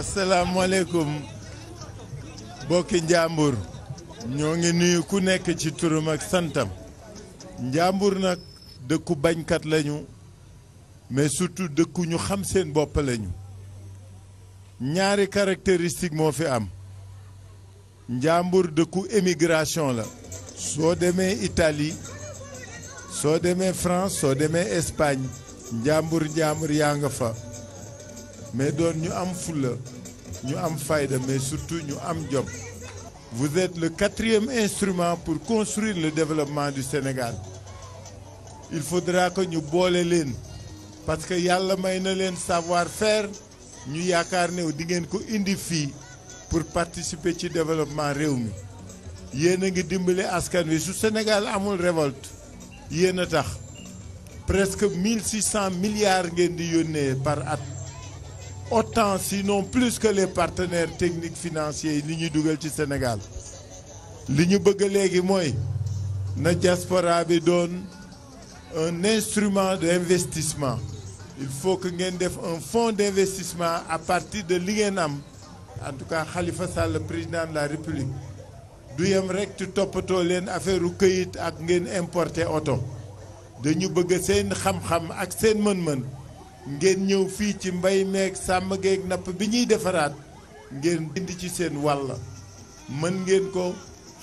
asalaamaaleykum bokki njàmbur ñoo ngi nuyu ku nekk ci turam ak santam njàmbur nag dëkku bañkat lañu mais surtout dëkku ñu xam seen bopp lañu ñaari caractéristique moo fi am njàmbur dëkku émigration la soo demee Italie soo demee France soo demee Espagne njàmbur njàmbur yaa nga fa mais doon ñu am fulla ñu am fayda mais surtout ñu am jom vous êtes le quatrième instrument pour construire le développement du Sénégal il faudra que ñu boole leen parce que yàlla may na leen savoir fair ñu yaakaar ne di ngeen ko indi fii pour participer ci développement réew mi yéen a ngi dimbale askan wi su Sénégal amul révolte yéen a tax presque 1600 milliards ngeen di yónnee par at autant sinon plus que les partenaires techniques financiers yi li ñuy dugal ci Sénégal li ñu bëgg léegi mooy na diaspora bi doon un instrument d'investissement il faut que ngeen def un fonds d'investissement à partir de li ngeen am en tout cas Khalifa Sall président de la République du yem rek ci toppatoo leen affaire u këyit ak ngeen importer oto dañu bëgg seen xam-xam ak seen mën-mën ngeen ñëw fii ci mbay meeg sàmm geeg napp bi ñuy defaraat ngeen dindi ci seen wàll mën ngeen ko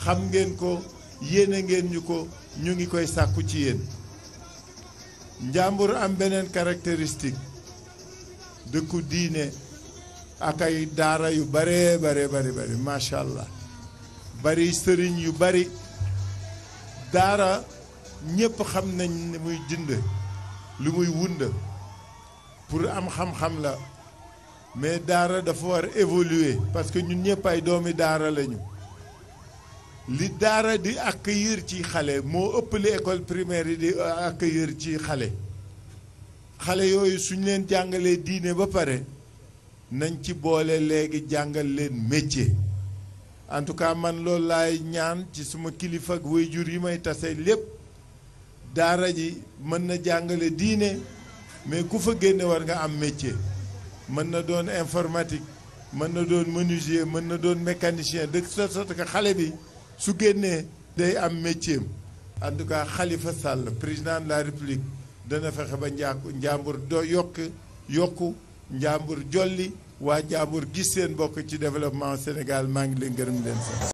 xam ngeen ko yéene ngeen ñu ko ñu ngi koy sàkku ci yéen njàmbur am beneen caractéristique dëkku diine ak ay daara yu bare bare bari bari macha allah bari sëriñ yu bari daara ñépp xam nañ ni muy jënd li muy wund pour am xam-xam la mais daara dafa war évoluer parce que ñun ñëpp ay doomi daara lañu li daara di accueillir ci xale moo ëpp li école primaire yi di euh, accueillir ci xale xale yooyu suñ leen jàngalee diine ba pare nañ ci boole léegi jàngal leen métier en tout cas man loolu laay ñaan ci suma kilifa ak jur yi may tase lépp daara ji mën na jàngale diine. mais ku fa génne war nga am métier mën na doon informatique mën na doon menuisier mën na doon mécanicien de sorte sorte que xale bi su génnee day am métier en tout cas Khalifa président la République dana fexe ba njaaku njàmbur do yokk yokku njàmbur jolli waa njàmbur gis seen bokk ci développement Sénégal maa ngi leen gërëm leen sax